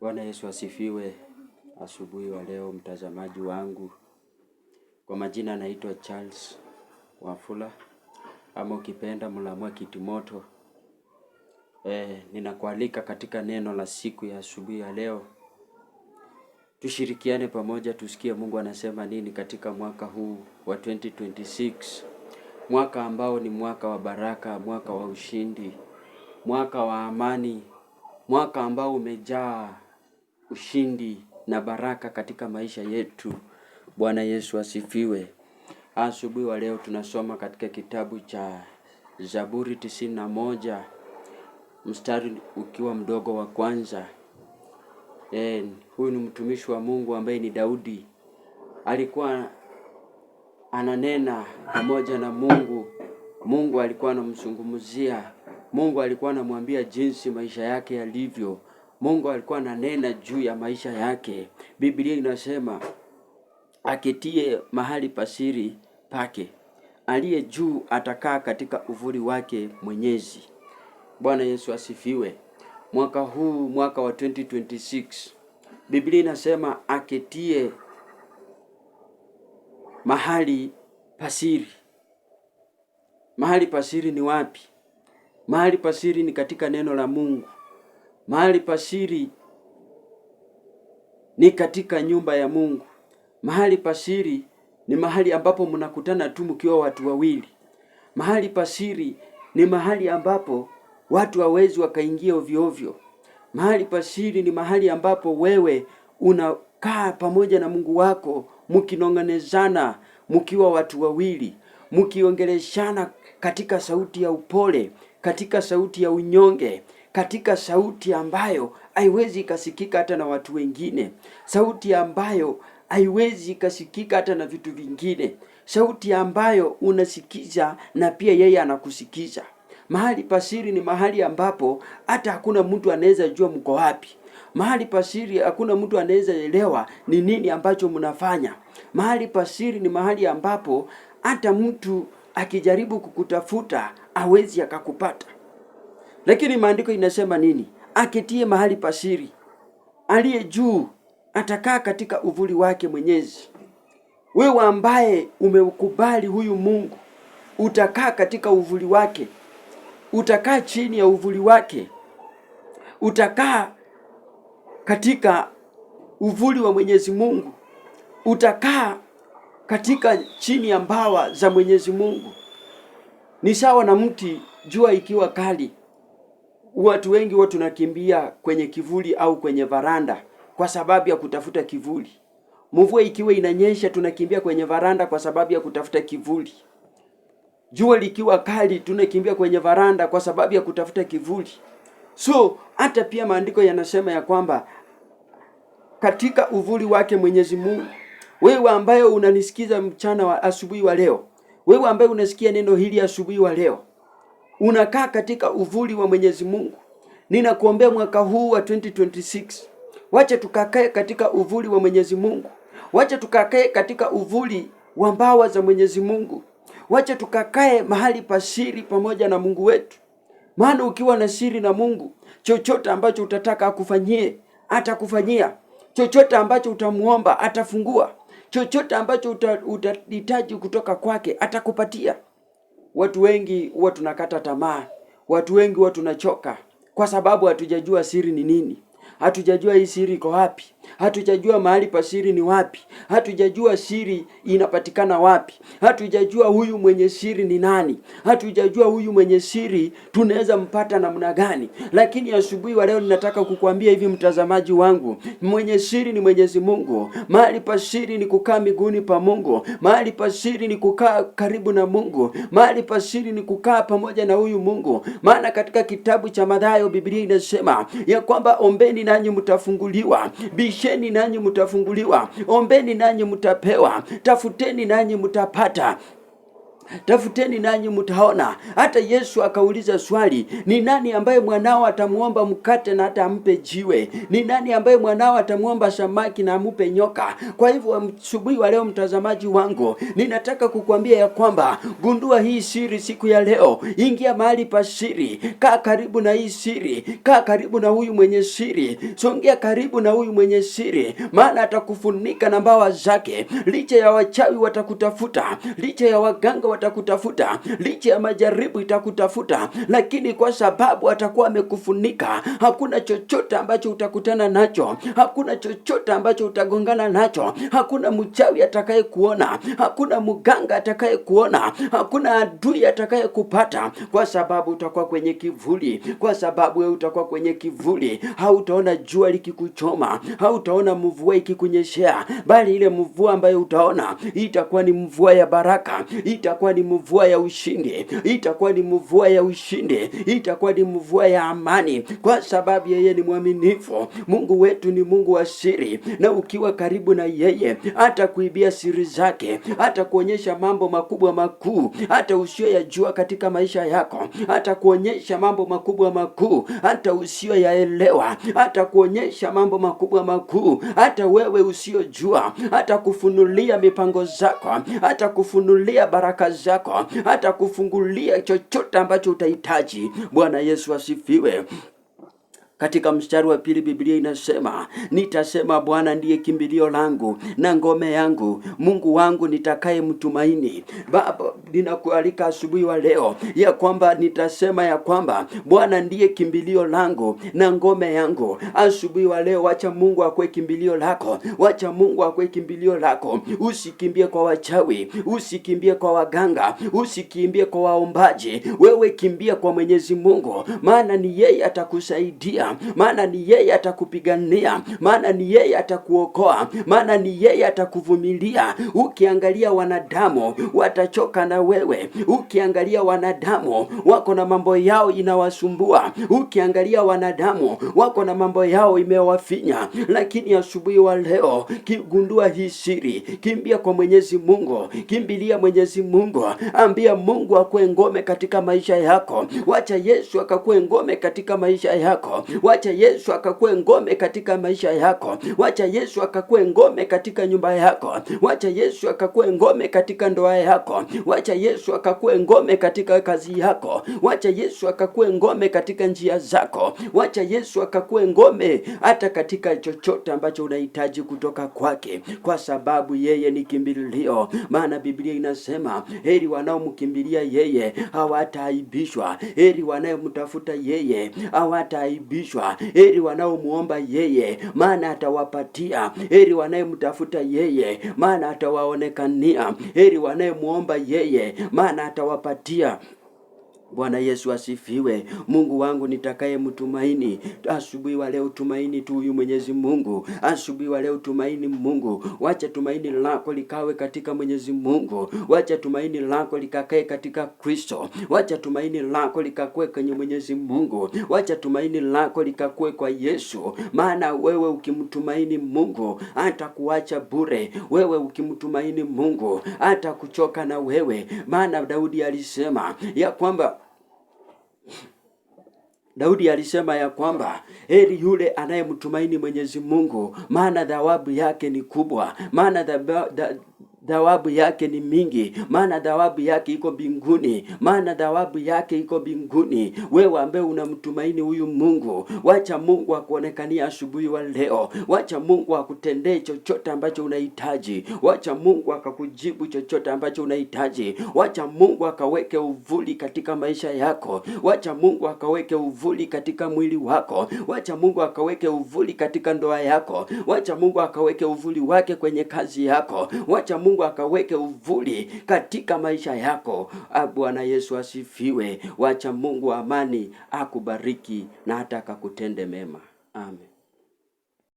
Bwana Yesu asifiwe. Asubuhi wa leo mtazamaji wangu, kwa majina naitwa Charles Wafula ama ukipenda Mulamwa Kitimoto. E, ninakualika katika neno la siku ya asubuhi ya leo. Tushirikiane pamoja tusikie Mungu anasema nini katika mwaka huu wa 2026, mwaka ambao ni mwaka wa baraka, mwaka wa ushindi, mwaka wa amani, mwaka ambao umejaa ushindi na baraka katika maisha yetu. Bwana Yesu asifiwe. Asubuhi wa leo tunasoma katika kitabu cha Zaburi tisini na moja mstari ukiwa mdogo wa kwanza. E, huyu ni mtumishi wa Mungu ambaye ni Daudi alikuwa ananena pamoja na Mungu. Mungu alikuwa anamzungumzia, Mungu alikuwa anamwambia jinsi maisha yake yalivyo. Mungu alikuwa ananena juu ya maisha yake. Biblia inasema aketie mahali pasiri pake, aliye juu atakaa katika uvuli wake Mwenyezi. Bwana Yesu asifiwe. Mwaka huu mwaka wa 2026 Biblia inasema aketie mahali pasiri. Mahali pasiri ni wapi? Mahali pasiri ni katika neno la Mungu. Mahali pa siri ni katika nyumba ya Mungu. Mahali pa siri ni mahali ambapo mnakutana tu mkiwa watu wawili. Mahali pa siri ni mahali ambapo watu hawezi wakaingia ovyo ovyo. Mahali pa siri ni mahali ambapo wewe unakaa pamoja na Mungu wako mkinong'onezana, mkiwa watu wawili, mkiongeleshana katika sauti ya upole, katika sauti ya unyonge katika sauti ambayo haiwezi ikasikika hata na watu wengine, sauti ambayo haiwezi ikasikika hata na vitu vingine, sauti ambayo unasikiza na pia yeye anakusikiza. Mahali pasiri ni mahali ambapo hata hakuna mtu anaweza jua mko wapi. Mahali pasiri hakuna mtu anaweza elewa ni nini ambacho mnafanya. Mahali pasiri ni mahali ambapo hata mtu akijaribu kukutafuta hawezi akakupata. Lakini maandiko inasema nini? Aketie mahali pasiri, aliye juu atakaa katika uvuli wake Mwenyezi. Wewe ambaye umeukubali huyu Mungu, utakaa katika uvuli wake, utakaa chini ya uvuli wake, utakaa katika uvuli wa Mwenyezi Mungu, utakaa katika chini ya mbawa za Mwenyezi Mungu. Ni sawa na mti jua ikiwa kali Watu wengi huwa tunakimbia kwenye kivuli au kwenye varanda kwa sababu ya kutafuta kivuli. Mvua ikiwa inanyesha, tunakimbia kwenye varanda kwa sababu ya kutafuta kivuli. Jua likiwa kali, tunakimbia kwenye varanda kwa sababu ya kutafuta kivuli. So hata pia maandiko yanasema ya kwamba katika uvuli wake Mwenyezi Mungu, wewe ambaye unanisikiza mchana wa asubuhi wa leo, wewe ambaye unasikia neno hili asubuhi wa leo unakaa katika uvuli wa Mwenyezi Mungu. Ninakuombea mwaka huu wa 2026, wacha tukakae katika uvuli wa Mwenyezi Mungu, wacha tukakae katika uvuli wa mbawa za Mwenyezi Mungu, wacha tukakae mahali pa siri pamoja na Mungu wetu, maana ukiwa na siri na Mungu, chochote ambacho utataka akufanyie atakufanyia, chochote ambacho utamuomba atafungua, chochote ambacho utahitaji kutoka kwake atakupatia watu wengi huwa tunakata tamaa, watu wengi huwa tunachoka kwa sababu hatujajua siri ni nini, hatujajua hii siri iko wapi. Hatujajua mahali pa siri ni wapi, hatujajua siri inapatikana wapi, hatujajua huyu mwenye siri ni nani, hatujajua huyu mwenye siri tunaweza mpata namna gani. Lakini asubuhi wa leo ninataka kukuambia hivi, mtazamaji wangu, mwenye siri ni Mwenyezi Mungu. Mahali pa siri ni kukaa miguuni pa Mungu, mahali pa siri ni kukaa karibu na Mungu, mahali pa siri ni kukaa pamoja na huyu Mungu. Maana katika kitabu cha Mathayo Biblia inasema ya kwamba ombeni nanyi mtafunguliwa bisheni nanyi mtafunguliwa, ombeni nanyi mtapewa, tafuteni nanyi mtapata tafuteni nanyi mtaona. Hata Yesu akauliza swali, ni nani ambaye mwanao atamwomba mkate na hata ampe jiwe? Ni nani ambaye mwanao atamwomba samaki na amupe nyoka? Kwa hivyo asubuhi wa leo, mtazamaji wangu, ninataka kukwambia ya kwamba gundua hii siri siku ya leo. Ingia mahali pa siri, kaa karibu na hii siri, kaa karibu na huyu mwenye siri, songea karibu na huyu mwenye siri, maana atakufunika na mbawa zake. Licha ya wachawi watakutafuta, licha ya waganga wat watakutafuta, licha ya majaribu itakutafuta, lakini kwa sababu atakuwa amekufunika, hakuna chochote ambacho utakutana nacho, hakuna chochote ambacho utagongana nacho, hakuna mchawi atakayekuona, hakuna mganga kuona hakuna adui atakayekupata, kwa sababu utakuwa kwenye kivuli, kwa sababu wewe utakuwa kwenye kivuli. Hautaona jua likikuchoma, hautaona mvua ikikunyeshea, bali ile mvua ambayo utaona itakuwa ni mvua ya baraka, itakuwa itakuwa ni mvua ya ushindi, itakuwa ni mvua ya ushindi, itakuwa ni mvua ya amani, kwa sababu yeye ni mwaminifu. Mungu wetu ni Mungu wa siri, na ukiwa karibu na yeye hata kuibia siri zake, hata kuonyesha mambo makubwa makuu, hata usiyoyajua katika maisha yako, hata kuonyesha mambo makubwa makuu, hata yaelewa, hata kuonyesha mambo makubwa makuu, hata wewe usiojua hata kufunulia mipango zako, hata kufunulia baraka zako, hata kufungulia chochote ambacho utahitaji. Bwana Yesu asifiwe. Katika mstari wa pili Biblia inasema nitasema, Bwana ndiye kimbilio langu na ngome yangu, Mungu wangu nitakaye mtumaini. Baba, ninakualika asubuhi wa leo ya kwamba nitasema ya kwamba Bwana ndiye kimbilio langu na ngome yangu. Asubuhi wa leo, wacha Mungu akuwe kimbilio lako, wacha Mungu akuwe kimbilio lako. Usikimbie kwa wachawi, usikimbie kwa waganga, usikimbie kwa waombaji. Wewe kimbia kwa Mwenyezi Mungu, maana ni yeye atakusaidia maana ni yeye atakupigania, maana ni yeye atakuokoa, maana ni yeye atakuvumilia. Ukiangalia wanadamu watachoka na wewe, ukiangalia wanadamu wako na mambo yao inawasumbua, ukiangalia wanadamu wako na mambo yao imewafinya, lakini asubuhi wa leo kigundua hii siri, kimbia kwa Mwenyezi Mungu, kimbilia Mwenyezi Mungu, ambia Mungu akuwe ngome katika maisha yako, wacha Yesu akakuwe ngome katika maisha yako, Wacha Yesu akakuwe ngome katika maisha yako. Wacha Yesu akakuwe ngome katika nyumba yako. Wacha Yesu akakuwe ngome katika ndoa yako. Wacha Yesu akakuwe ngome katika kazi yako. Wacha Yesu akakuwe ngome katika njia zako. Wacha Yesu akakuwe ngome hata katika chochote ambacho unahitaji kutoka kwake, kwa sababu yeye ni kimbilio. Maana Biblia inasema heri wanaomkimbilia yeye hawataaibishwa, heri wanayemtafuta yeye hawataaibishwa watatayarishwa. Heri wanaomwomba yeye, maana atawapatia. Heri wanayemtafuta yeye, maana atawaonekania. Heri wanayemwomba yeye, maana atawapatia. Bwana Yesu asifiwe. Mungu wangu nitakaye mtumaini asubuhi wa leo, tumaini tu huyu Mwenyezi Mungu. Asubuhi wa leo, tumaini Mungu. Wacha tumaini lako likawe katika Mwenyezi Mungu, wacha tumaini lako likakae katika Kristo, wacha tumaini lako likakue kwenye Mwenyezi Mungu, wacha tumaini lako likakue kwa Yesu, maana wewe ukimtumaini Mungu hata kuacha bure, wewe ukimtumaini Mungu hata kuchoka na wewe, maana Daudi alisema ya kwamba Daudi alisema ya kwamba heri yule anayemtumaini Mwenyezi Mungu, maana thawabu yake ni kubwa, maana thawabu yake ni mingi, maana thawabu yake iko mbinguni, maana thawabu yake iko mbinguni. Wewe ambaye unamtumaini huyu Mungu, wacha Mungu akuonekania asubuhi wa leo, wacha Mungu akutendee chochote ambacho unahitaji, wacha Mungu akakujibu chochote ambacho unahitaji, wacha Mungu akaweke uvuli katika maisha yako, wacha Mungu akaweke uvuli katika mwili wako, wacha Mungu akaweke uvuli katika ndoa yako, wacha Mungu akaweke uvuli wake kwenye kazi yako, wacha Mungu Mungu akaweke uvuli katika maisha yako. Ah, Bwana Yesu asifiwe. Wacha Mungu amani akubariki na hata akakutende mema. Amen.